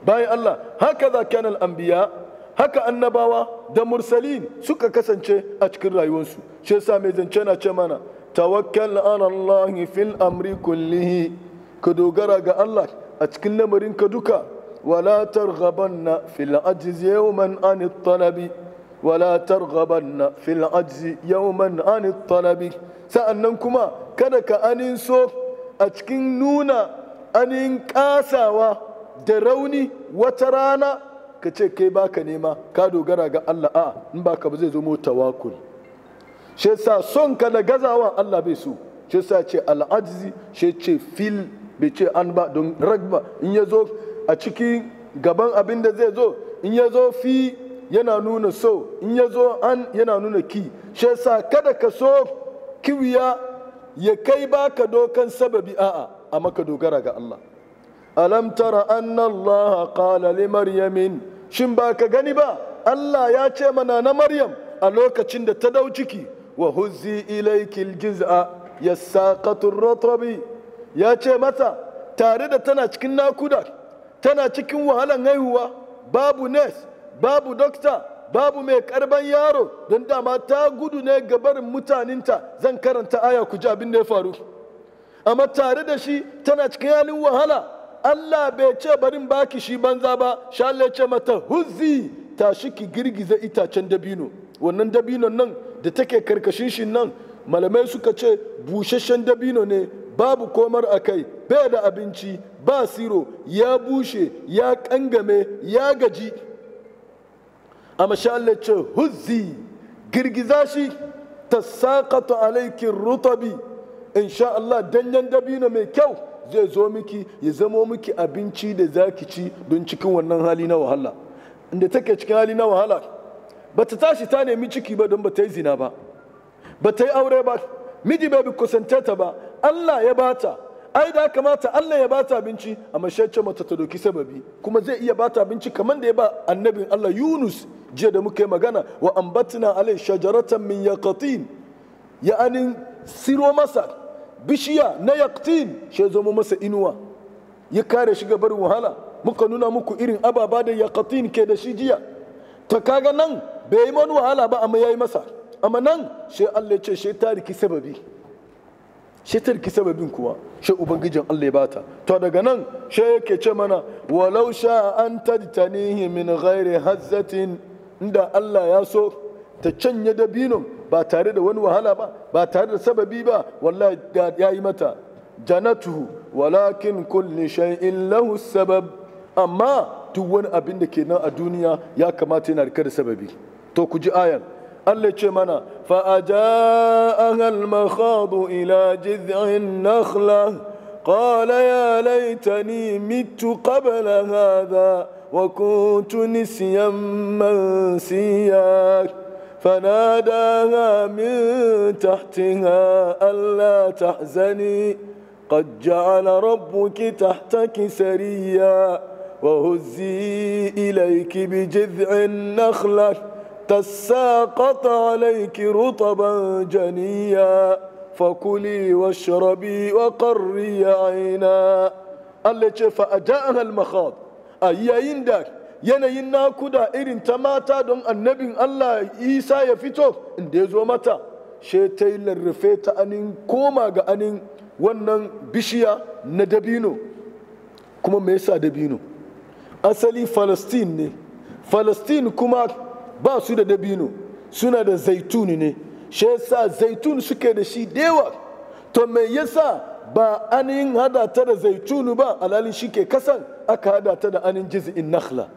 bayan Allah haka za kanal anbiya haka annabawa da mursalin suka kasance a cikin rayuwarsu shi yasa mai zance na ce mana tawakkal ala Allah fil amri kullihi ka dogara ga Allah a cikin lamarin ka duka wala targhabanna fil ajzi yawman an talabi wala targhabanna fil ajzi yawman an talabi sa'annan kuma kada ka aninso a cikin nuna anin kasawa da rauni wata rana ka ce kai baka nema ka dogara ga Allah a in baka ba zai zama tawakul shi yasa son ka da gazawa Allah bai so shi yasa ce al'ajzi shi ce fil bai ce an ba don ragba in ya zo a cikin gaban abin da zai zo in ya zo fi yana nuna so in ya zo an yana nuna ki shi yasa kada ka so kiwiya ya kai baka dokan sababi a'a a maka dogara ga Allah alam tara an Allah qala li maryamin shin baka gani ba Allah ya ce mana na maryam a lokacin da ta dau ciki wa huzzi ilayki aljiz'a yasaqatu rotobi. ya ce mata tare da tana cikin nakuda tana cikin wahalan haihuwa babu nes babu dokta babu mai karban yaro don dama ta gudu ne ga barin mutaninta zan karanta aya ku ji abin da ya faru amma tare da shi tana cikin halin wahala Allah bai ce barin baki shi banza ba sha Allah ce mata huzzi tashi ki girgiza itacen dabino wannan dabino nan da take karkashin shi nan malamai suka ce busasshen dabino ne babu komar a kai bai da abinci ba siro ya bushe ya kangame ya gaji a Allah ce huzzi girgiza shi ta saƙato alaikin rutabi in sha Allah danyen dabino mai kyau zai zo miki ya zamo miki abinci da ki ci don cikin wannan hali na wahala inda take cikin hali na wahala ba ta tashi ta nemi ciki ba don ba ta yi zina ba ba ta yi aure ba miji bai bi kusance ta ba Allah ya bata ai da kamata Allah ya bata abinci a mashacce mata ta doki sababi kuma zai iya bata abinci kamar da ya ba annabin Allah Yunus jiya da muka yi magana wa ambatina alai shajaratan min yaqatin ya'anin siro masa bishiya na yaqtin shi zama masa inuwa ya kare shi gabar wahala muka nuna muku irin ababa da yaqatin ke da shi jiya ta kaga nan bai yi mani wahala ba amma yayi masa amma nan shi Allah ya ce shi riki sababi shi riki sababin kuwa shi ubangijin Allah ya bata to daga nan shi yake ce mana walau sha an tajtanihi min ghairi hazzatin inda Allah ya so ta canye dabinon ba tare da wani wahala ba ba tare da sababi ba wallahi ya yi mata janatuhu walakin kulli shay'in lahu sabab amma duk wani abin da ke nan a duniya ya kamata yana rike da sababi to ku ji ayan Allah ce mana fa ajaa al-makhadu ila jiz'in nakhla qala ya laitani mitu qabla hadha وكنت نسيا منسيا فناداها من تحتها ألا تحزني قد جعل ربك تحتك سريا وهزي إليك بجذع النخلة تساقط عليك رطبا جنيا فكلي واشربي وقري عينا التي فأجاءها المخاض a yayin da yanayin nakuda irin ta mata don annabin Allah Isa ya fito inda ya zo mata she ta yi larrafe ta anin koma ga anin wannan bishiya na dabino kuma me yasa dabino asali Falastin ne Falastin kuma ba su da dabino suna da zaituni ne shi yasa zaitun suke da shi dewa to me yasa ba anin hada ta da zaitunu ba alalin shi ke kasan aka hada ta da anin jiz'in nakhla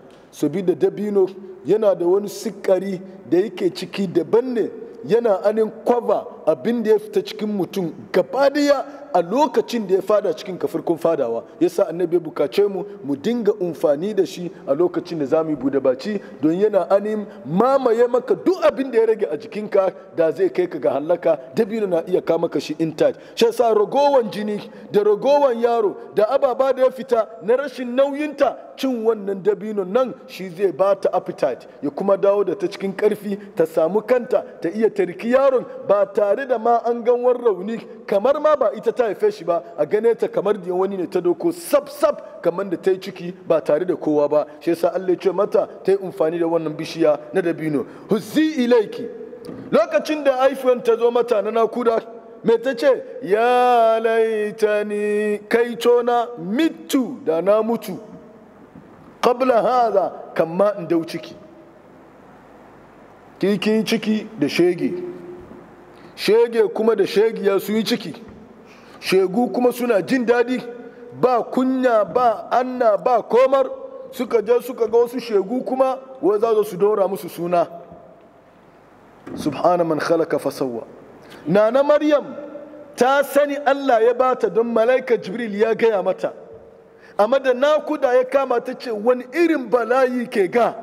da dabino yana da wani sikari da yake ciki daban ne yana anin kwaba abin da ya fita cikin mutum gabaɗaya a lokacin da ya fada cikin kafirkun fadawa yasa annabi bukace mu mu dinga umfani da shi a lokacin da zamu bude baci don yana anim mamaye maka duk abin da ya rage a jikinka da zai kai ka ga halaka dabino na iya kama ka shi intact shi yasa ragowan jini da ragowan yaro da ababa da ya fita na rashin nauyinta cin wannan dabino nan shi zai ba ta appetite ya kuma dawo da ta cikin karfi ta samu kanta ta iya tarki yaron ba ta tare da ma an gan wani rauni kamar ma ba ita ta haife shi ba a gane ta kamar da wani ne ta doko sab sab kamar da ta yi ciki ba tare da kowa ba shi yasa Allah ce mata ta yi amfani da wannan bishiya na dabino huzi ilaiki lokacin da haifuwan ta zo mata na nakuda me ta ce ya laitani kai tona mitu da na mutu kabla haza kamma in dau ciki kikin ciki da shege shege kuma da shegiya su yi ciki shegu kuma suna jin daɗi ba kunya ba anna ba komar suka je suka ga wasu shegu kuma wai za su dora musu suna subhana man khalaka fasawa. nana maryam ta sani Allah ya bata don malaika jibril ya gaya mata amma da nakuda ya kama ta ce wani irin bala'i ke ga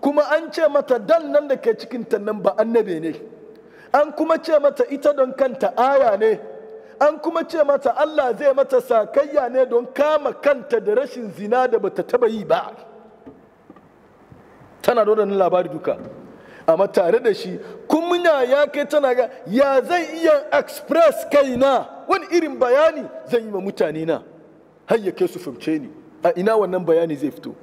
kuma an ce mata dan nan da ke cikin nan ba annabe ne an kuma ce mata ita don kanta aya ne an kuma ce mata Allah zai mata sakayya ne don kama kanta da rashin zina da bata taba yi ba tana da wadannan labari duka amma tare da shi kunya ya kai tana ga ya zai iya express na wani irin bayani zan yi ma mutane na har ya su fahimce ni a ina wannan bayani zai fito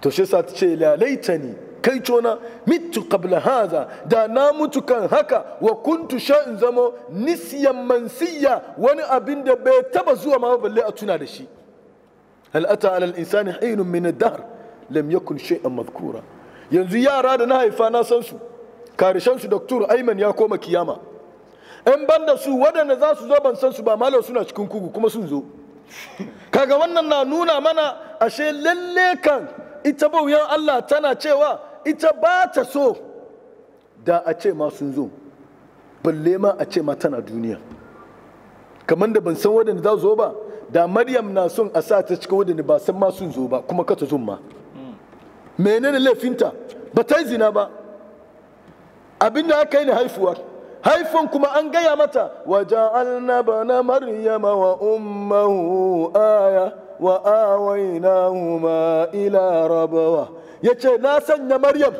to shi sa ta ce lalaita ni takaicona mitu qabla haza da na mutu kan haka wa kuntu sha'in in zamo nisyan mansiya wani abin da bai taba zuwa ma balle a tuna da shi hal ata ala al-insani hinun min ad-dahr lam yakun shay'an madhkura yanzu yara da na haifa na san su karishan su doktor Ayman ya koma kiyama in banda su waɗanda za su zo ban san su ba malam suna cikin kugu kuma sun zo kaga wannan na nuna mana ashe lalle kan ita bauyan Allah tana cewa ita ba ta so da a ce ma sun zo balle ma a ce ma tana duniya kamar da ban san waɗanda za zo ba da maryam na son a sa ta cika waɗanda ba san ma sun zo ba kuma ka ta zo ma menene laifinta ba ta yi zina ba abinda aka yi ni haifuwa haifan kuma an gaya mata wa ja'alna bana maryama wa ummahu aya wa awainahuma ila rabawa ya ce na sanya maryam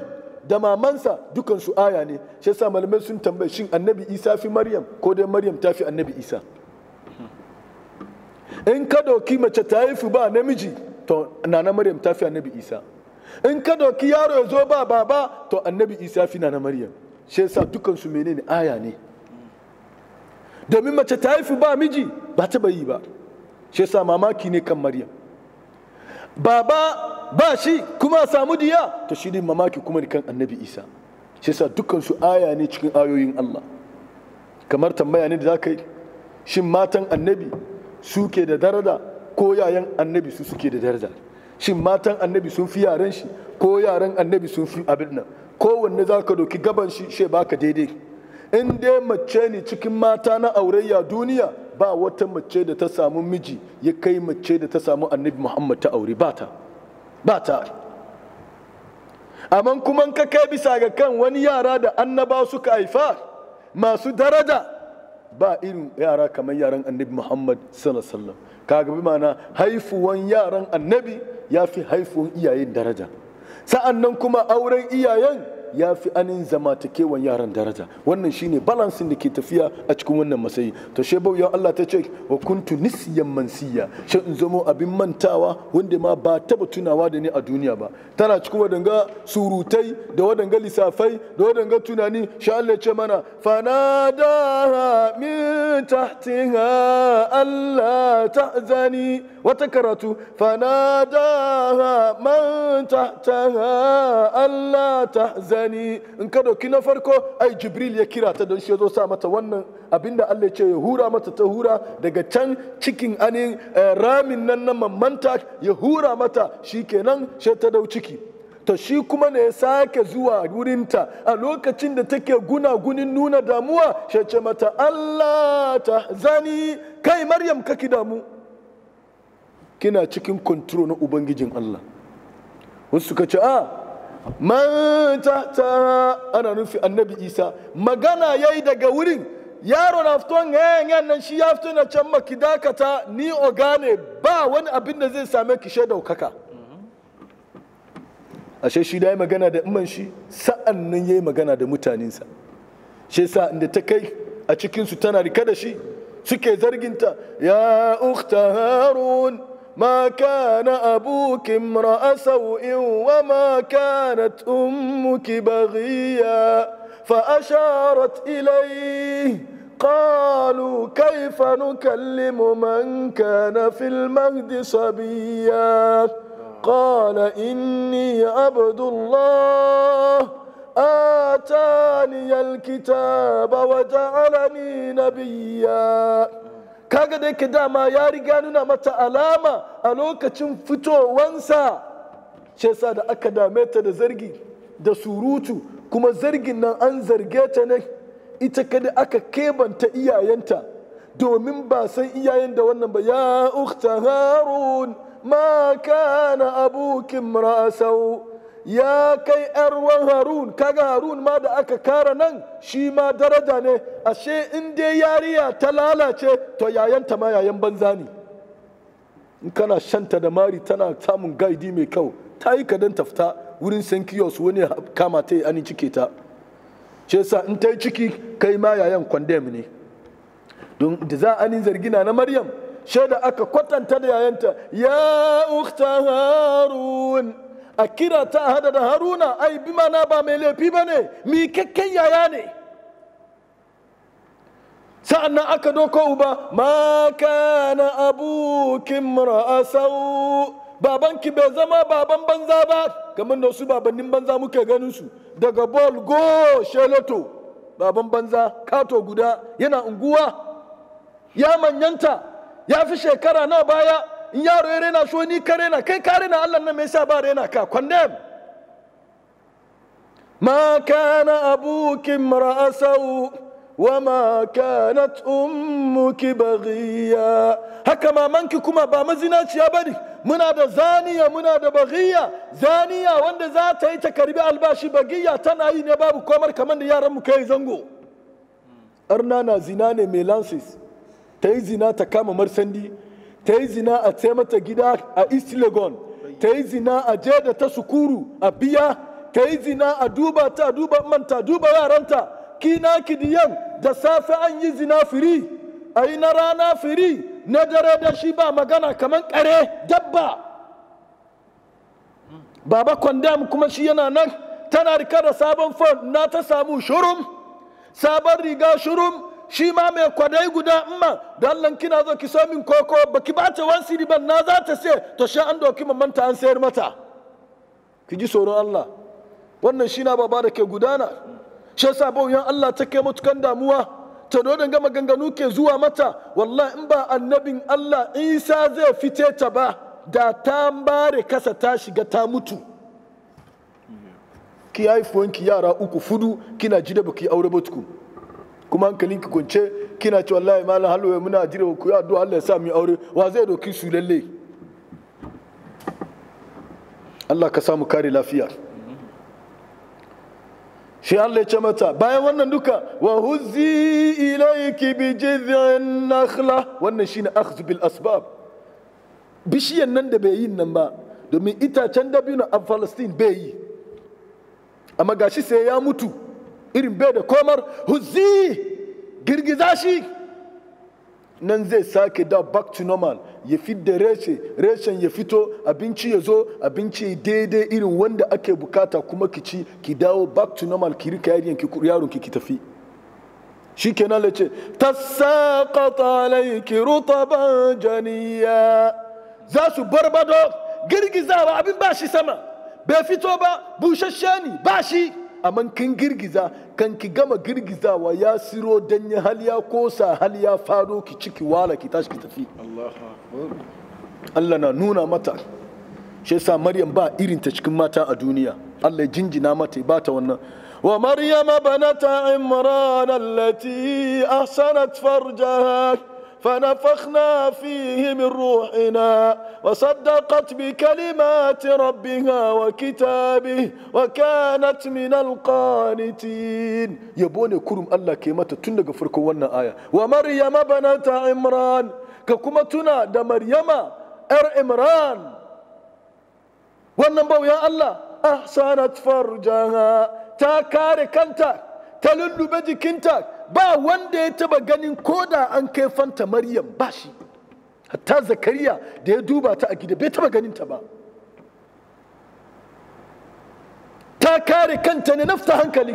da mamansa dukansu aya ne shi yasa malamai sun tambaye shin annabi isa fi maryam ko dai maryam ta fi annabi isa in ka doki mace ta haifu ba namiji to nana maryam ta fi annabi isa in ka doki yaro ya zo ba baba to annabi isa fi nana maryam shi yasa dukansu menene aya ne domin mace ta haifu ba miji ba ta bayi ba shi yasa mamaki ne kan maryam baba ba shi kuma samu diya ta shi ne mamaki kuma kan annabi isa shi yasa dukkan su aya ne cikin ayoyin allah kamar tambaya ne da za ka yi shin matan annabi su ke da daraja ko yayan annabi su suke da daraja shin matan annabi sun fi yaren shi ko yaren annabi sun fi abin nan Ko wanne za ka doki gaban shi she baka daidai in dai mace ne cikin mata na aurayya duniya ba wata mace da ta samu miji ya kai mace da ta samu annabi muhammad ta aure ba ta ba ta amma kuma ka kai bisa ga kan wani yara da annaba suka haifa masu daraja ba irin yara kamar yaran annabi muhammad sallallahu Ka kaga bi mana haifuwan yaran annabi ya fi haifuwan iyayen daraja sa'annan kuma auren iyayen ya fi anin zamantakewan yaran daraja wannan shine balansin da ke tafiya a cikin wannan matsayi to she bauyan Allah ta ce wa kuntu nisyan mansiya shin in zamo abin mantawa wanda ma ba taba tunawa da ni a duniya ba tana cikin wadanga surutai da wadanga lissafai, da wadanga tunani sha Allah ce mana fanada min tahtiha Allah tahzani wata karatu fanada man tahtaha Allah tahzani gani in ka dauki na farko ai jibril ya kira ta don shi ya zo sa mata wannan abinda Allah ya ce ya hura mata ta hura daga can cikin anin eh, ramin nan na mamanta ya hura mata shikenan sai ta dau ciki ta shi kuma ne ya sake zuwa wurinta a lokacin da take gunagunin nuna damuwa shi ce mata Allah ta zani kai maryam kaki damu kina cikin control na ubangijin Allah wasu suka ce a ah, Manta ta ana nufi annabi isa magana ya yi daga wurin yaro na fito yan nan shi ya fito na can maki dakata ni ogane ba wani abin da zai same ki shaida daukaka ashe shi da ya magana da imman shi sa'an nan ya yi magana da mutaninsa. shi sa inda ta kai a cikinsu tana rika da shi suke zarginta ya ukhta harun ما كان أبوك امرأ سوء وما كانت أمك بغيا فأشارت إليه قالوا كيف نكلم من كان في المهد صبيا قال إني عبد الله آتاني الكتاب وجعلني نبيا kaga da yake dama ya riga nuna mata alama a lokacin fitowansa ce sa da aka dame ta da zargi da surutu kuma zargin nan an zarge ta ne ita kada aka kebanta iyayenta domin ba san iyayen da wannan ba ya ukhta harun ma kana abokin rasau. ya kai ruwan harun kaga harun ma da aka kara nan shi ma daraja ne ashe in dai yariya ta lalace to yayanta ma yayan banza ne in kana shanta da mari tana samun gaidi mai kyau ta yi kadan tafta wurin san kiyos wani kama ta yi anin cike ta ce sa in ta yi ciki kai ma yayan kwandem ne don da za anin zargina na maryam shaida aka kwatanta da yayanta ya ukhta harun a kira ta hada da haruna ai bi mana ba mai laifi ba ne mi kakken yaya ne sa'an nan aka doko uba ma kana abukin ra'asau babanki bai zama baban banza ba kamar da su babannin banza muke ganin su daga bol go sheloto baban banza kato guda yana unguwa ya manyanta ya fi shekara na baya in yaro ya rena so ni ka rena kai ka rena Allah nan me yasa ba rena ka kwandem ma kana abuki mra'asau wa ma kanat ummuki baghiya haka mamanki kuma ba mazinaciya bane muna da zaniya muna da baghiya zaniya wanda za ta yi takarbi albashi baghiya tana yi ne babu komar kamar da yaran mu kai zango arna na zina ne melansis ta yi zina ta kama marsandi ta yi zina a ce mata gida a east legon ta yi zina a je da ta sukuru a biya ta yi zina a duba ta duba manta duba yaranta kina kidiyan da safe an yi zina firi a yi na rana firi na dare da shi ba magana kamar kare dabba baba kwandam kuma shi yana nan tana rika da sabon fon na ta samu shurum sabon riga shurum shi ma mai kwadai guda amma da Allah kina zo ki min koko baki bace wan siri ban na za ta sai to sha an doki manta an sayar mata ki ji tsoron Allah wannan shi na baba da ke gudana shi yasa yan Allah ta kai mutukan damuwa ta dodon gama ganganu ke zuwa mata wallahi in ba annabin Allah Isa zai fice ta ba da ta bare kasa ta shiga ta mutu ki haifuwanki yara uku fudu kina ji da baki aure ba tukun kuma hankalin ki kwance kina cewa wallahi malam halwaye muna jira ku ya addu'a Allah ya sa mu aure wa zai doki su lalle Allah ka samu kare lafiya shi Allah ya ce mata bayan wannan duka wa huzzi ilayki bi jidhin nakhla wannan shine akhdh bil asbab bishiyan nan da bai yin nan ba domin itacen dabino a falastin bai yi amma gashi sai ya mutu irin bai da komar huzi girgiza shi nan zai sake da back to normal ya fi da reshe reshen ya fito abinci ya zo abinci ya daidai irin wanda ake bukata kuma ki ci ki dawo back to normal ki rika yaron ki yaron ki tafi shikenan lace tasaqata alayki rutaban janiya za su barbado girgizawa abin ba shi sama bai fito ba bushashe ne ba shi amma kin girgiza kan ki gama girgizawa ya siro dan ya hal ya kosa hal ya faro ki ciki wala ki tashi ki tafi Allah na nuna mata shi yasa Maryam ba irin ta cikin mata a duniya Allah ya jinjina mata ba ta wannan wa Maryam banata Imran allati ahsanat farjaha فنفخنا فيه من روحنا وصدقت بكلمات ربها وكتابه وكانت من القانتين يبون كرم الله تتنق فرق ونا آية ومريم بنت عمران ككما تنا دا مريم ار عمران ونبو يا الله أحسنت فرجها تاكاري كنتك تلل بدي كنتك ba wanda ya taba ganin koda an kai fanta maryam ba shi hatta zakariya da ya duba ta a gida bai taba ganin ta ba ta kare kanta ne nafta hankali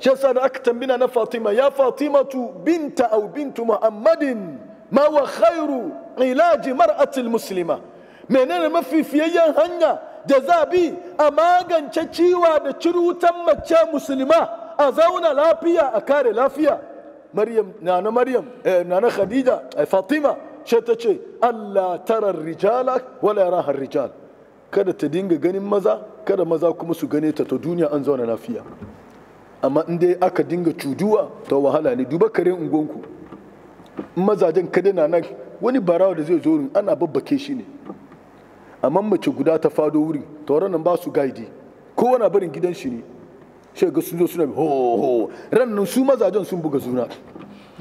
shi yasa da aka tambina na fatima ya fatimatu binta au bintu muhammadin ma wa khairu ilaji mar'atil muslima menene mafifiyayyen hanya da za bi a magance ciwa da wutan mace musulma a zauna lafiya a kare lafiya maryam nana maryam eh, nana khadija eh, fatima ce ta ce allah tara rijala wala har rijal kada ta dinga ganin maza kada maza kuma su gane ta ta duniya an zauna lafiya amma in dai aka dinga cuduwa ta wahala ne duba kare ungonku mazajen kada na nan wani barawa da zai zo wurin ana babbake shi ne amma mace guda ta fado wurin tauran nan ba su gaidi kowa na barin gidan shi ne Sai ga sun zo suna ho ho rannan su mazajen sun buga zuna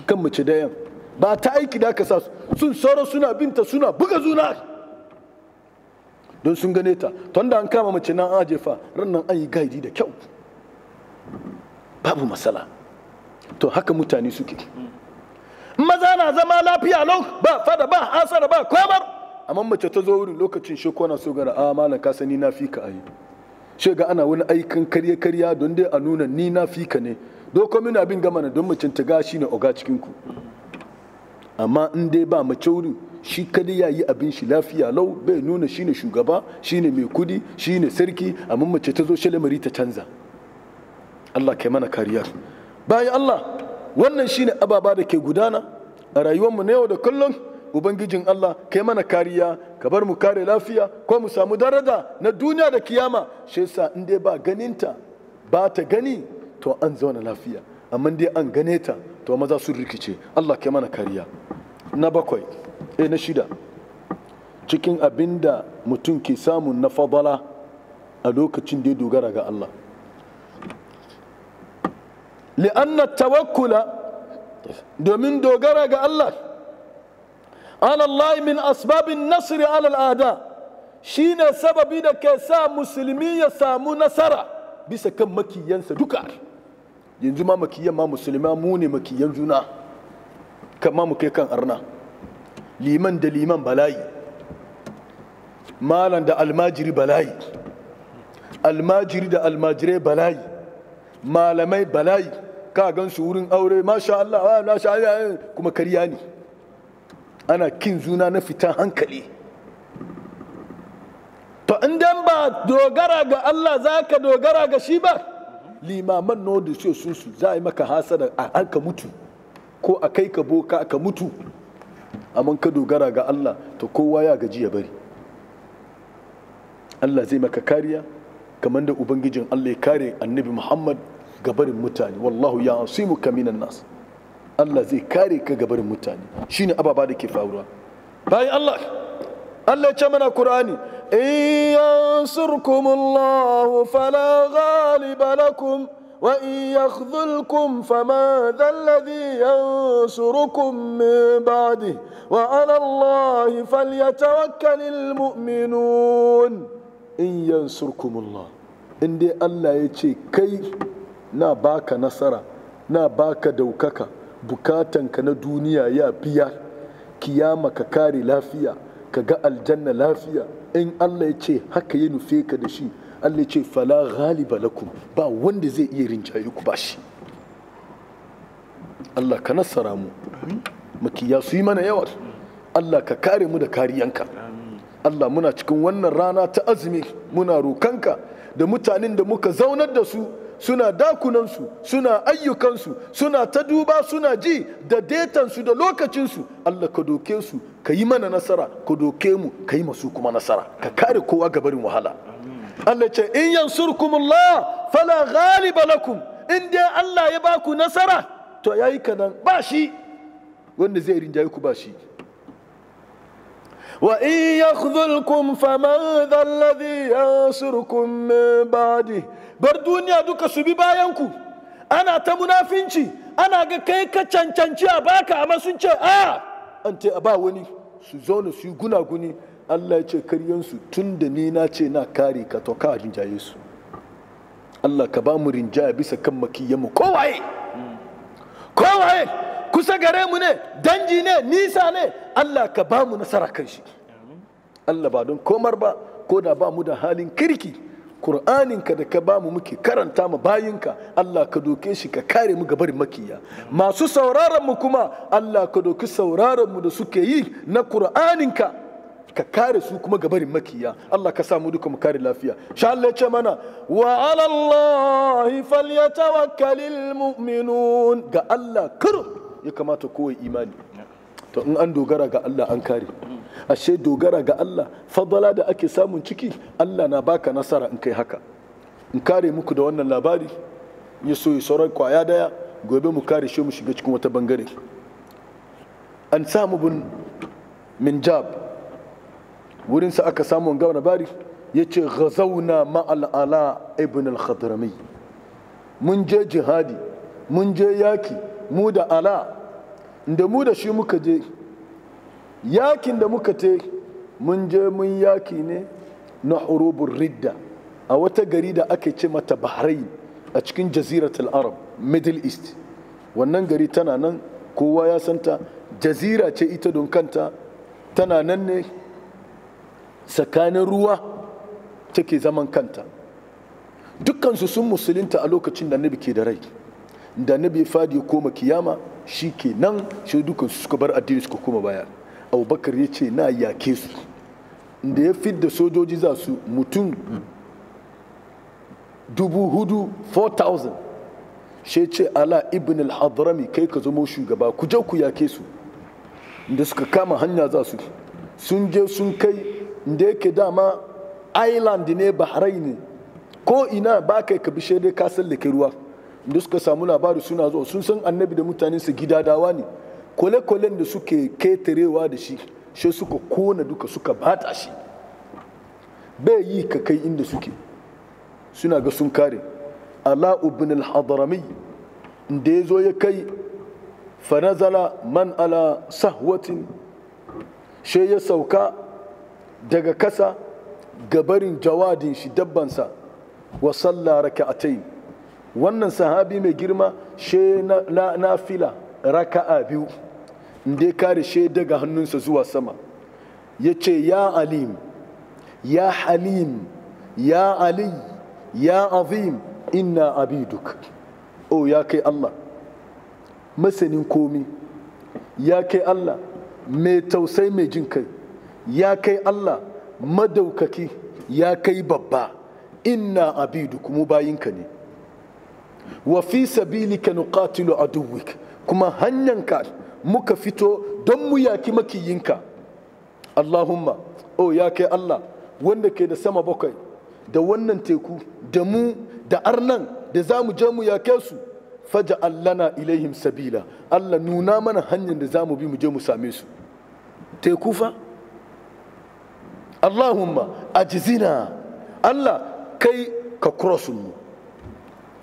kan mace dayan ba ta aiki da ka sa sun sauro suna binta suna buga zuna don sun gane ta tun da an kama mace nan an ajefa rannan an yi gaidi da kyau babu matsala to haka mutane suke maza na zama lafiya lau ba fada ba hasara ba kwamar amma mace ta zo wurin lokacin shekwana so gara a ah, malam ka sani na fi ka ayi shega ana wani aikin karya karya don dai a nuna ni na fika ne doko abin bin gama na don mace ta shi ne oga cikin ku amma in dai ba mace wurin, shi kada ya yi abin shi lafiya lau bai nuna shi ne shugaba shi ne mai kudi ne sarki amma mace ta zo lamari ta canza Allah kai mana kariya bayan Allah wannan shi ne ababa da ke gudana a rayuwarmu na yau da kullum ubangijin Allah kai mana kariya ka bar mu kare lafiya ko mu samu daraja na duniya da kiyama shi yasa in dai ba ganinta ba ta gani to an zauna lafiya amma dai an gane ta to maza sun rikice Allah kai mana kariya na bakwai eh na shida cikin abin da mutum ke samu na fadala a lokacin da ya dogara ga Allah li'anna tawakkula domin dogara ga Allah alallahi min asbabin nasiri alal ada shine sababi da ke sa musulmi ya samu nasara bisa kan makiyansa duka yanzu ma makiyan ma musulma mu ne makiyan juna kama mu kai kan arna liman da liman balayi, malan da almajiri balayi, almajiri da almajirai balayi, malamai balayi, ka gan su wurin aure masha Allah masha Allah kuma kariya ne ana kin juna na fitan hankali to in dan ba dogara ga Allah za ka dogara ga shi ba limaman no da ce su su za a yi maka hasada a an mutu ko a kai ka boka ka mutu amma ka dogara ga Allah to kowa ya gaji ya bari Allah zai maka kariya kamar da ubangijin Allah ya kare annabi Muhammad ga barin mutane wallahu ya asimuka minan nas الله زي كاري كجبر متان شين أبا بارك فاورا باي الله الله كمان القرآن إن الله فلا غالب لكم وإن يخذلكم فماذا الذي ينصركم من بعده وعلى الله فليتوكل المؤمنون إن ينصركم الله إن دي الله يشي كي نا نصرة نا دوككا bukatanka na duniya ya biya kiyama ka kare lafiya ka ga aljanna lafiya in Allah ya ce haka ya nufe ka da shi Allah ya ce fala ghaliba lakum ba wanda zai iya rinjaye ku ba shi Allah ka nasara mu makiya su yi mana yawa Allah ka kare mu da kariyanka Allah muna cikin wannan rana ta azumi muna rokanka da mutanen da muka zaunar da su suna dakunansu suna ayyukansu suna ta duba suna ji da detansu da lokacinsu Allah ka doke su ka yi mana nasara ka doke mu ka yi masu kuma nasara ka kare kowa ga barin wahala Allah ce in yansurkumullah fala ghaliba lakum in dai Allah ya baku nasara to yayi kanan ba shi wanda zai rinjaye ku ba shi وإن يخذلكم فمن ذا الذي ينصركم من بعده bar duniya duka su bi bayanku ana ta munafinci ana ga kai ka cancanci a baka amma sun ce a an ce ba wani su zauna su yi gunaguni Allah ya ce karyansu tun da ni na ce na kare ka to ka rinjaye Allah ka ba mu rinjaya bisa kan makiyanmu kowaye kowaye kusa gare mu ne danji ne nisa ne Allah ka ba mu nasara kan shi Allah ba don komar ba ko da ba mu da halin kirki Kur'aninka da ka ba mu muke karanta mu bayinka Allah ka doke shi ka kare mu barin makiya masu sauraron mu kuma Allah ka doki sauraron mu da suke yi na Kur'aninka ka kare su kuma gabarin makiya Allah ka samu duka mu kare lafiya sha Allah ce mana wa ala Allah falyatawakkalul mu'minun ga Allah karu. ya kamata kowai imani to in an dogara ga Allah an kare ashe dogara ga Allah fadala da ake samun ciki Allah na baka nasara in kai haka in kare muku da wannan labari ya so ya sauran kwaya daya gobe mu kare shi mu shiga cikin wata bangare an samu bin minjab wurinsa aka samu wanga labari ya ce ghazauna ma'al'ala ibn al-khadrami mun je jihadi mun je yaki mu da ala da mu da shi muka je yakin da muka te mun je mun yaki ne na hurubun ridda a wata gari da ake ce mata bahrain a cikin jaziratul arab middle east wannan gari tana nan kowa ya santa jazira ce ita don kanta tana nan ne tsakanin ruwa take zaman kanta dukkansu sun musulunta a lokacin da nabi ke da rai da nabi fadi koma kiyama shi ke nan shi dukkan su suka bar addini suka kuma baya abubakar ya ce na yake su da ya fi da sojoji za su mutum dubu hudu 4,000 shi ce ala ibn al-hadrami kai ka zama shugaba ku je ku yake su da suka kama hanya za su sun je sun kai da yake dama island ne bahrain ko ina ba kai ka bishe dai ka sallake ruwa da suka samu labari suna zuwa sun san annabi da mutanensa dawa ne kwale-kwalen da suke ketarewa da shi shi suka kona duka suka bata shi bai yi ka kai inda suke suna ga sun kare ala ibn al hadarami da ya zo ya kai fanazala man ala sahwatin shi ya sauka daga kasa gabarin jawadin shi dabbansa wa sallah raka'atayn wannan sahabi mai girma she na fila raka'a biyu inda ya kare she daga hannunsa zuwa sama ya ce ya alim ya halim ya ali ya azim inna abiduk o oh, ya kai allah masanin komi ya kai allah mai tausai mai jin kai ya kai allah madaukaki ya kai babba inna duk kuma bayinka ne wa fi sabilika nuqatilu aduwwik kuma ka muka fito don mu yaki makiyinka Allahumma oh ya kai Allah wanda ke da sama bakwai da wannan teku da mu da arnan da za mu je mu yake su faja allana ilaihim sabila Allah nuna mana hanyar da za mu bi mu je mu same su teku fa Allahumma ajizina Allah kai ka cross mu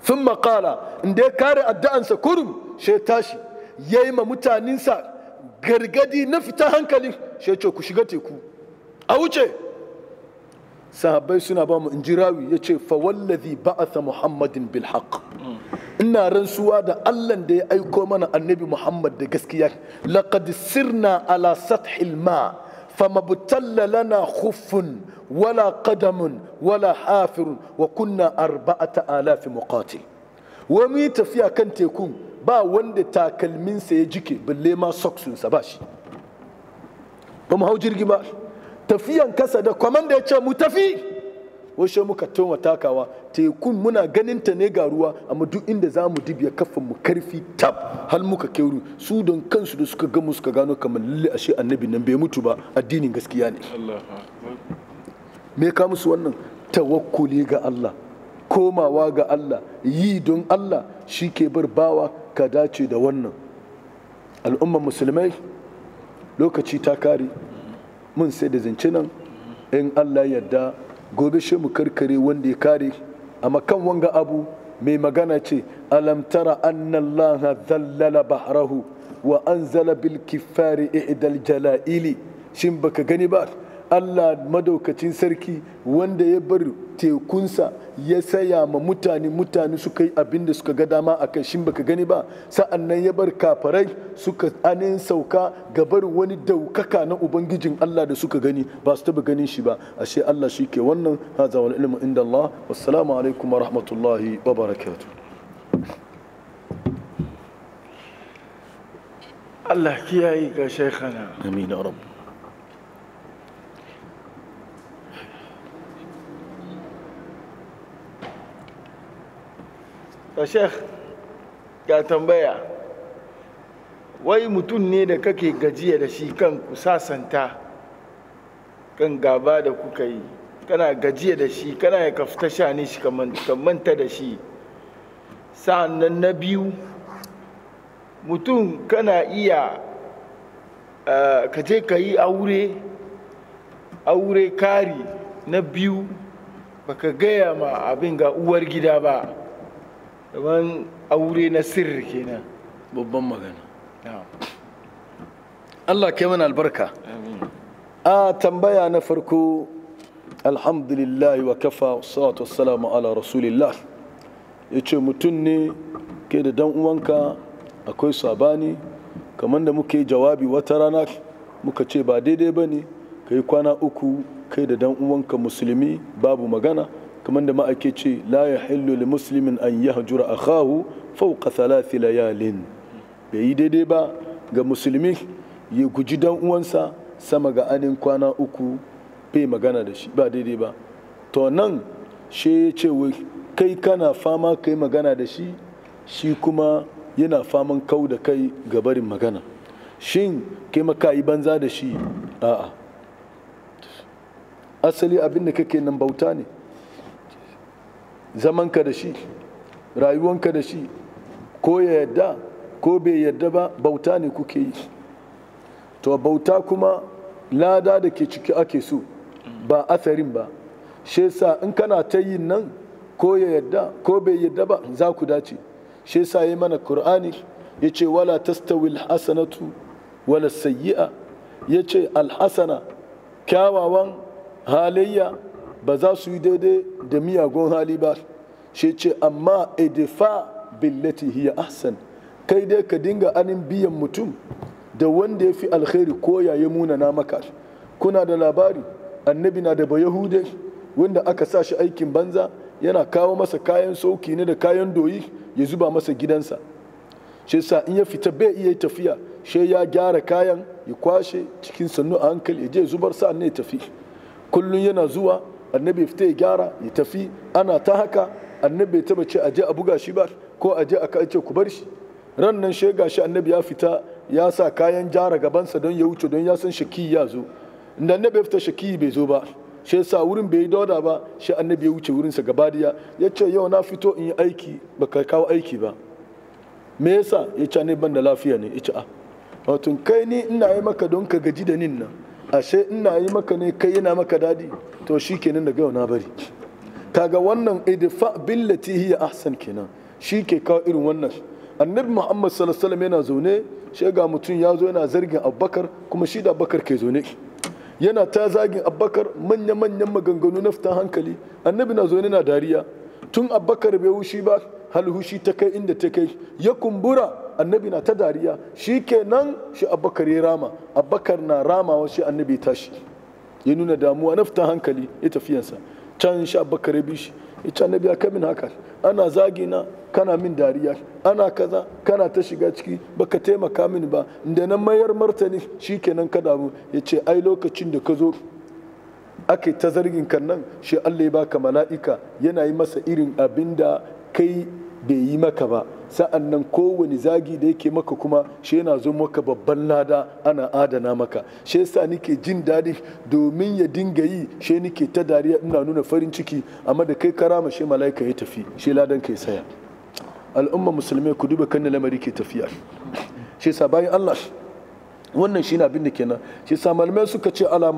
sun maƙala inda ya kare addu'ansa kurum shi tashi ya yi ma mutanensa gargadi na fita hankali shi ce ku shiga teku a wuce sahabbai suna ba mu in ji rawi ya ce fawallazi ba'atha muhammadin bil ina rantsuwa da allah da ya aiko mana annabi muhammad da gaskiya laqad sirna ala sathil ma' famabtalla lana khuffun wala qadamun wala hafirun wa kunna arba'ata alafi muqatil wa mu tafiya kan tekun ba wanda takalminsa ya jike balle ma soksunsa ba shi ba hau jirgi ba tafiyan kasa da kwamanda ya ce mu tafi wasu muka toma takawa tekun muna ganin ta ne ga ruwa amma duk inda za mu dibiya kafin mu karfi tab har muka keru su don kansu da suka gamu suka gano kamar lalle ashe annabi nan bai mutu ba addinin gaskiya ne me ka musu wannan tawakkuli ga Allah komawa ga Allah yi don Allah shi ke bar bawa ka dace da wannan al'ummar musulmai lokaci ta kare mun sai da zancinan nan in Allah yadda gobe shi mu karkare wanda ya kare amma kan wanga abu mai magana ce alam tara annallaha zallala bahrahu wa anzala bil kifari i'dal jala'ili shin baka gani ba Allah madaukacin sarki wanda ya bar tekunsa ya saya ma mutane mutane suka yi abin da suka ga dama a kan shin baka gani ba Sa'an nan ya bar kafarai suka anin sauka ga bar wani daukaka na ubangijin Allah da suka gani ba su taba ganin shi ba ashe Allah shi ke wannan haza wal ilmu inda Allah wassalamu alaikum wa rahmatullahi wa barakatuh Allah kiyaye ga shaykhana amin ya to sheikh ya tambaya wai mutum ne da kake gajiya da shi kan kusasanta kan gaba da kuka yi kana gajiya da shi kana ya kafta ne shi ka manta da shi sa'annan na biyu mutum kana iya kaje kayi ka yi aure aure kari na biyu baka gaya ma abin ga uwar gida ba daban aure na sirri kenan babban magana Allah kai mana albarka a tambaya na farko alhamdulillah wa kafa salatu wassalamu ala rasulillah ya ce mutum ne ke da dan uwanka akwai sabani kamar da muke yi jawabi wata rana muka ce ba daidai ba ne ka yi kwana uku kai da dan uwanka musulmi babu magana kamar da ma'ake ce la ya hillu li muslimin an fau akahu fawqa ya layalin bai yi daidai ba ga musulmi ya guji dan uwansa sama ga anin kwana uku bai magana da shi ba daidai ba to nan shi ya ce kai kana fama kai magana da shi shi kuma yana faman kau da kai ga barin magana shin kai maka yi banza da shi a'a asali abin da kake nan bauta ne zamanka da shi rayuwanka da shi ko ya yadda ko bai yadda ba bauta ne kuke yi to bauta kuma lada da ke ciki ake so ba asarin ba shi sa in kana ta yin nan ko ya yadda ko bai yadda ba za ku dace shi sa yi mana kur'ani ya ce wala tastawil hasanatu wala sayyi'a ya ce alhasana kyawawan halayya ba za su yi daidai da miyagun hali ba shi ce amma edifa billati hiya ahsan kai dai ka dinga anin biyan mutum da wanda ya fi alkhairi ko yayi munana maka kuna da labari annabi na da bayahude wanda aka sa shi aikin banza yana kawo masa kayan sauki ne da kayan doyi ya zuba masa gidansa shi sa in ya fita bai iya tafiya shi ya gyara kayan ya kwashe cikin sannu a hankali ya je zubar sa ne tafi kullum yana zuwa annabi ya fita ya gyara ya tafi ana ta haka annabi ya taba ce a je a buga shi ba ko a je a ce ku bar shi ran nan shi gashi annabi ya fita ya sa kayan jara gabansa don ya wuce don ya san shaki ya zo inda annabi ya fita shaki bai zo ba shi sa wurin bai dauda ba shi annabi ya wuce wurin sa gabadiya ya ce yau na fito in yi aiki baka kawo aiki ba me yasa ya ce ne ban lafiya ne ya ce a ah. wato kai ni ina yi maka don ka gaji da nin nan ashe ina yi maka ne kai yana maka dadi to shi kenan daga yau na bari kaga wannan idfa billati hiya ahsan kenan shi ke kawo irin wannan annabi muhammad sallallahu yana zaune shi ga mutum ya zo yana zargin abubakar kuma shi da abubakar ke zaune yana ta zagin abubakar manya manyan maganganu na fitan hankali annabi na zaune na dariya tun abubakar bai hushi ba hal ta kai inda ta kai ya kumbura annabi na ta dariya shi kenan shi abubakar ya rama abakar na ramawa shi annabi tashi ya nuna damuwa na fita hankali ya tafiyansa can shi abubakar ya bi shi annabi ya kamin haka ana zagina kana min dariya ana kaza kana ta shiga ciki baka taimaka min ba da na mayar martani shi kenan ka damu ya ce ai lokacin da ka zo ake ta zargin kan nan shi allah ya baka mala'ika yana yi masa irin abin da kai bai yi maka ba sa'an nan kowane zagi da yake maka kuma shi yana zo maka babban lada ana adana maka shi yasa nike jin daɗi domin ya dinga yi shi nike ta dariya ina nuna farin ciki amma da kai karama shi mala'ika ya tafi shi ladan kai saya al'umma musulmi ku duba kan lamari ke tafiya shi yasa bayan Allah wannan shi na abin da kenan shi yasa malamai suka ce ala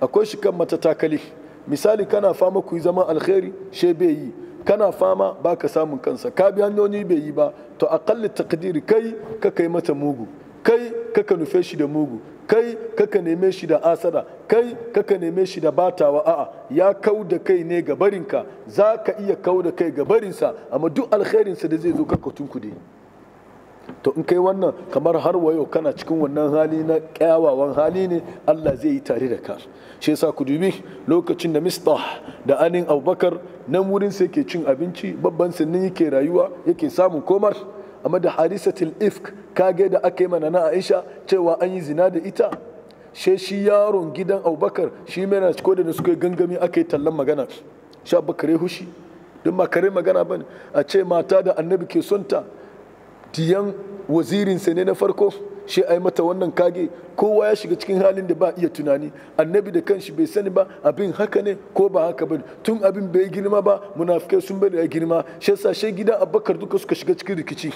akwai shi kan matatakali misali kana fama ku yi zama alkhairi shi bai yi kana fama ba ka samun kansa ka bi hanyoyi bai yi ba to aƙalli takdiri kai ka kai mata mugu kai kaka nufe shi da mugu kai kaka neme shi da asara kai kaka neme shi da batawa a'a ya kau da kai ne ga barinka za ka iya kau da kai ga barinsa amma duk alkhairinsa da zai zo kaka tunkude to in kai wannan kamar har wayo kana cikin wannan hali na kyawawan hali ne Allah zai yi tare da ka shi yasa ku dubi lokacin da mistah da anin abubakar nan wurin sai ke cin abinci babban sannan yake rayuwa yake samun komar amma da harisatul ifk kage da aka yi mana na aisha cewa an yi zina da ita she shi yaron gidan abubakar shi mai na ko da suka yi gangami aka yi tallan magana abubakar ya hushi don makare magana bane a ce mata da annabi ke sonta tiyan wazirinsa ne na farko shi ai mata wannan kage kowa ya shiga cikin halin da ba iya tunani annabi da kanshi bai sani ba abin haka ne ko ba haka ba tun abin bai girma ba munafikai sun bari ya girma shi yasa shi gidan abubakar duka suka shiga cikin rikici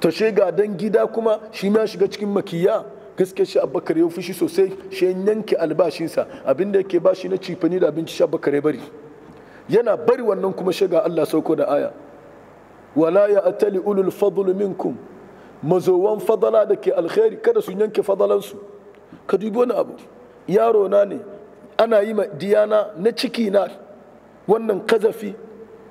to shi ga dan gida kuma shi ma shiga cikin makiya gaske shi abubakar ya fushi sosai shi yanke albashinsa abin da yake bashi na cifani da abinci shi abubakar ya bari yana bari wannan kuma ga Allah sauko da aya wala ya atali ulul fadl minkum mazowan fadala da ke alkhairi kada su yanke fadalansu ka dubi wani abu yaro na ne ana yi ma diyana na ciki na wannan kazafi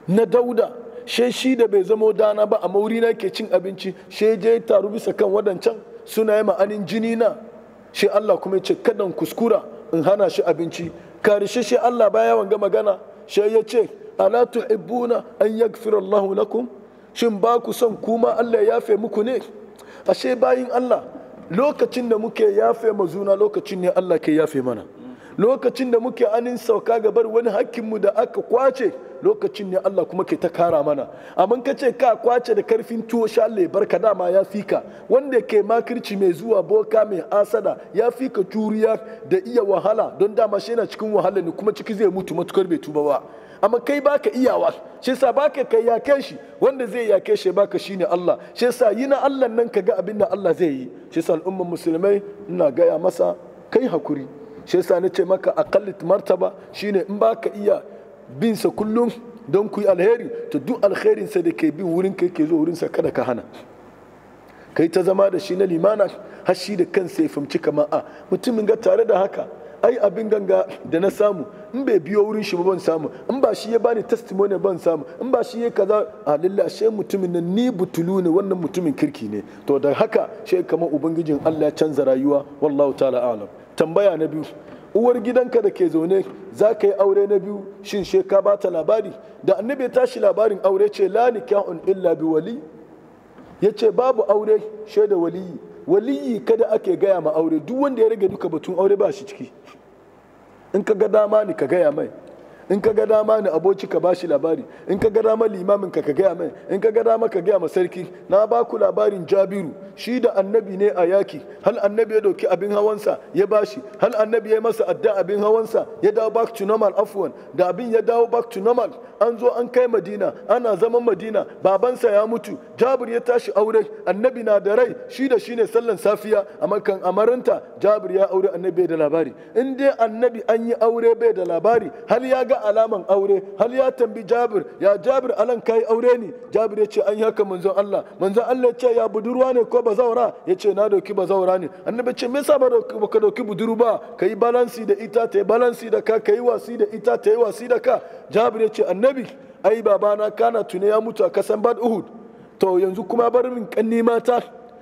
na dauda she shi da bai zamo dana ba a mauri na ke cin abinci she je taru bisa kan wadancan suna yi ma'anin jini na shi Allah kuma ce kadan kuskura in hana shi abinci karshe shi Allah baya ga magana she ya ce ala tuhibbuna an yaghfira Allahu lakum shin ba ku son kuma Allah ya yafe muku ne ashe bayin Allah lokacin da muke yafe ma juna lokacin ne Allah ke yafe mana lokacin da muke anin sauka ga bar wani mu da aka kwace lokacin ne Allah kuma ke ta kara mana amma ka ce ka kwace da karfin tuwo sha barka dama ya fika wanda ke makirci mai zuwa boka mai asada ya fika juriya da iya wahala don dama shi yana cikin wahala ne kuma ciki zai mutu matukar bai tuba ba amma kai baka iyawa shi sa baka kai yake shi wanda zai yake shi baka shine Allah shi sa yi na Allah nan ka ga abin da Allah zai yi shi sa al'ummar musulmai ina gaya masa kai hakuri shi na ce maka aqallit martaba shine in baka iya bin sa kullum don ku yi alheri to duk alherin sa da ke bin wurin kai ke zo wurin sa kada ka hana kai ta zama da shi na limana har shi da kansa ya fahimci kamar a mutumin ga tare da haka ai abin ganga da na samu in bai biyo wurin shi ban samu in ba shi ya bani testimony ban samu in ba shi ya kaza a shi mutumin nan ni butulu ne wannan mutumin kirki ne to da haka shi kamar ubangijin Allah canza rayuwa wallahu ta'ala alam tambaya na biyu uwar gidanka da ke zaune za ka yi aure na biyu shin she ka ba ta labari da annabi ya tashi labarin aure ce la nikahun illa bi wali ya ce babu aure shaida da waliyi waliyi kada ake gaya ma aure duk wanda ya rage duka batun aure ba shi ciki in ka ga dama ne ka gaya mai in ka ga dama ni aboci ka bashi labari in ka ga dama limamin ka ka gaya mai in ka ga dama ka gaya ma sarki na ba ku labarin jabiru shi da annabi ne a yaki hal annabi ya doki abin hawansa ya bashi hal annabi ya masa adda abin hawansa ya dawo back to normal afwan da abin ya dawo back to normal an zo an kai madina ana zaman madina babansa ya mutu jabir ya tashi aure annabi na da rai shi da shi ne sallan safiya amma kan amarinta jabir ya aure annabi da labari in dai annabi an yi aure bai da labari hal ya ga ga alaman aure hal ya tambi jabir ya jabir alan kai aure ne jabir ya ce an haka manzon Allah manzon Allah ya ce ya budurwa ne ko bazaura ya ce na doki bazaura ne annabi ce me yasa ba doki buduru ba kai balansi da ita ta balansi da ka kai wasi da ita ta yi wasi da ka jabir ya ce annabi ai babana kana tune ya mutu a kasan bad uhud to yanzu kuma bar min kanni mata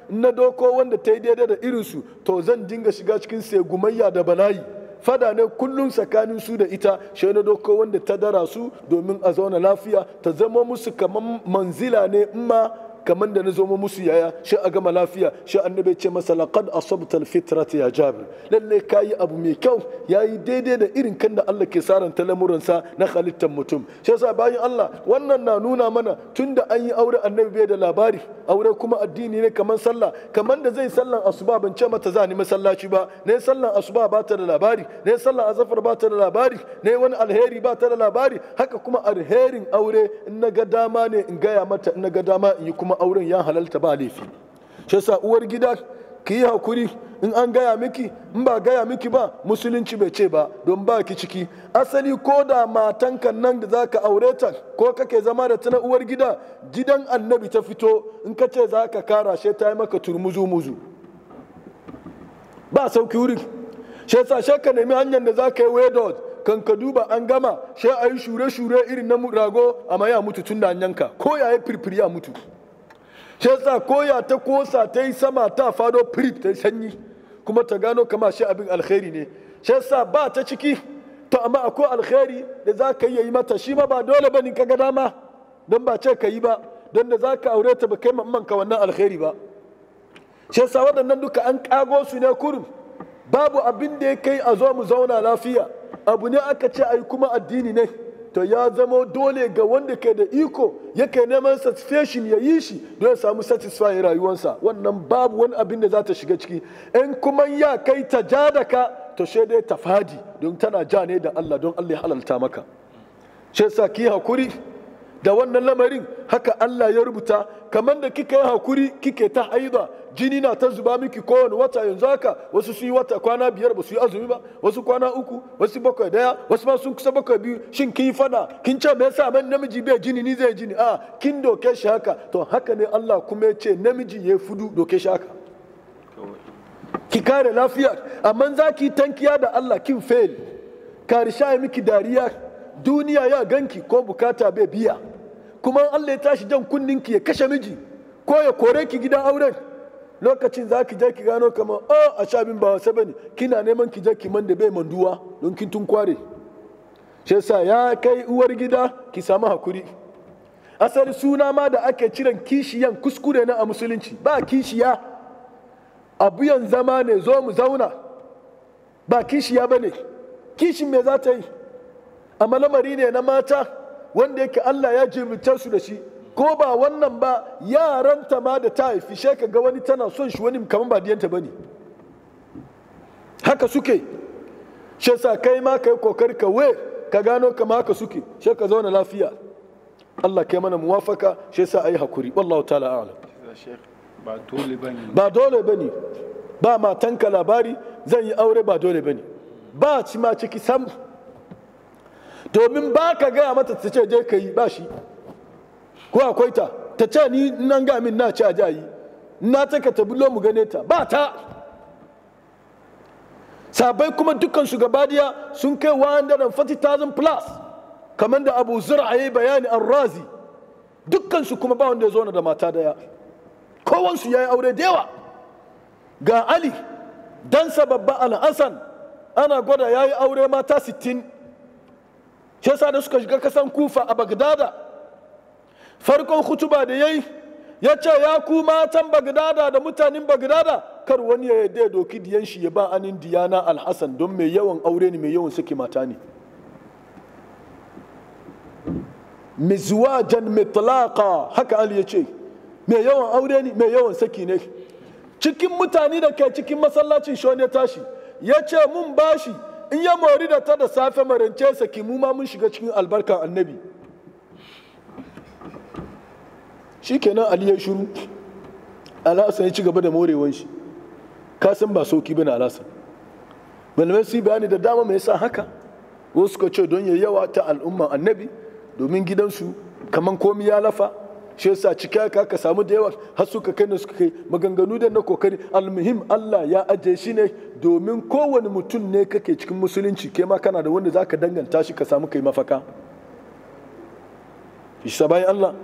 na doko wanda ta yi daidai da irinsu to zan dinga shiga cikin gumayya da bala'i fada ne kullum tsakanin su da ita shi na doko wanda ta dara su domin a zauna lafiya ta zama musu kamar manzila ne in ma kamar da na zo musu yaya shi a gama lafiya shi annabi ce masa laqad asabta alfitrat ya jabir lalle kayi abu mai kyau yayi daidai da irin kan da Allah ke saranta lamuransa na halittar mutum sai yasa bayan Allah wannan na nuna mana tunda an yi aure annabi bai da labari aure kuma addini ne kamar sallah kamar da zai sallan asuba ban ce mata za ni masallaci ba ne sallan asuba ba ta da labari ne sallan azafar ba ta da labari ne wani alheri ba ta da labari haka kuma alherin aure in na ga dama ne in gaya mata in na ga dama in yi kuma kuma auren ya halalta ba laifi shi yasa uwar gida ki yi hakuri in an gaya miki in ba gaya miki ba musulunci bai ce ba don ba ki ciki asali ko da matanka nan da zaka aure ta ko kake zama da tana na uwar gida gidan annabi ta fito in ka ce za kara shi ta yi maka turmuzu muzu ba sauki wuri shi yasa shi ka nemi hanyar da zaka ka yi wedod kan ka duba an gama shi a yi shure-shure irin na rago a maya mutu tun da yanka ko ya yi firfiri ya mutu shi yasa koya ta kosa ta yi sama ta fado firip ta yi sanyi kuma ta gano kama shi abin alkhairi ne shi yasa ba ta ciki to amma akwai alkhairi da za ka yi mata shi ma ba dole ba ne ka ga dama don ba ce ka yi ba don da za ka aure ta ba kai mamman ka wannan alkhairi ba shi yasa waɗannan duka an ƙago su ne kurum babu abin da ya kai a zo mu zauna lafiya abu ne aka ce ai kuma addini ne to ya zamo dole ga wanda ke da iko yake neman satisfaction ya yi shi don ya samu satisfying rayuwarsa wannan babu wani abin da za ta shiga ciki in kuma ya kai ta ja da ka to she dai ta fadi don tana ja ne da Allah don Allah ya halalta maka shi yasa ki hakuri da wannan lamarin haka Allah ya rubuta kamar da kika yi hakuri kike ta haida jini na ta zuba miki kowane wata yanzu haka wasu sun yi wata kwana biyar ba su yi azumi ba wasu kwana uku wasu bakwai daya wasu ma sun kusa bakwai biyu shin kin fada kin ce me yasa man namiji bai jini ni zai jini a kin doke shi haka to haka ne Allah kuma ya ce namiji ya fudu doke shi haka ki kare lafiya amma za ki tankiya da Allah kin fail karisha miki dariya duniya ya ganki ko bukata bai biya kuma Allah ya tashi jan kunninki ya kashe miji ko ya kore ki gidan auren lokacin za ki je ki gano kamar a ah, a sha bin ba wasa kina neman ki je ki man da bai manduwa don kin tun kware shi yasa ya kai uwar gida ki samu hakuri asali suna ma da ake ciran kishiyan kuskure na a musulunci ba kishiya abuyan zama ne zo mu zauna ba kishiya bane kishin me za ta yi amma lamari ne na mata wanda yake Allah ya je su da shi ko ba wannan ba yaranta ma da ta haifi she ga wani tana son shi wani kamar ba diyanta ne. haka suke shi sa kai ma kai kokari ka we ka gano kama haka suke shi ka zauna lafiya Allah kai mana muwafaka shi sa ayi hakuri wallahu ta'ala a'lam ba dole ba ne. ba matanka labari zan yi aure ba dole bane ba ci ma ciki sam domin ba ka gaya mata ta ce je ka yi ba shi ko akwai ta ta ce ni nan ga min na ci a yi na ta ka bulo mu gane ta ba ta sabai kuma dukkan su gabadiya sun kai 140,000 plus kamar da abu zura yi bayani an razi dukkan kuma ba wanda ya zo da mata daya kowansu ya yi aure da yawa ga ali dansa babba al'asan ana gwada ya yi aure mata sittin. shi yasa da suka shiga kasan kufa a bagdada farkon hutuba da yayi ya ce ya ku matan bagdada da mutanen bagdada kar wani ya yarda ya doki diyan shi ya ba anin diyana alhassan don mai yawan aure ne mai yawan saki mata ne mizwajan mitlaqa haka ali ya ce mai yawan aure ne mai yawan saki ne cikin mutane da ke cikin masallacin shi wani ya tashi ya ce mun bashi in ya mori da ta da safe marance saki mu ma mun shiga cikin albarkan annabi shi kenan ali ya shuru al'asan ya ci gaba da morewan shi ka san ba sauki bane al'asan. malamai su bayani da dama mai sa haka wasu suka ce don ya yawa ta al'umman annabi domin gidansu kaman komi ya lafa shi yasa cika ka ka samu da yawa har suka kai na suka kai maganganu da na kokari almuhim Allah ya aje shi ne domin kowane mutum ne kake cikin musulunci ke ma kana da wanda zaka danganta shi ka samu kai mafaka shi bayan Allah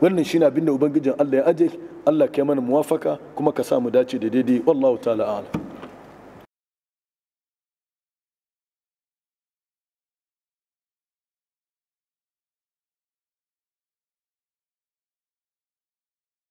wannan shi abin da ubangijin Allah ya aje Allah kai mana muwafaka kuma ka samu dace da daidai wallahu ta'ala a'lam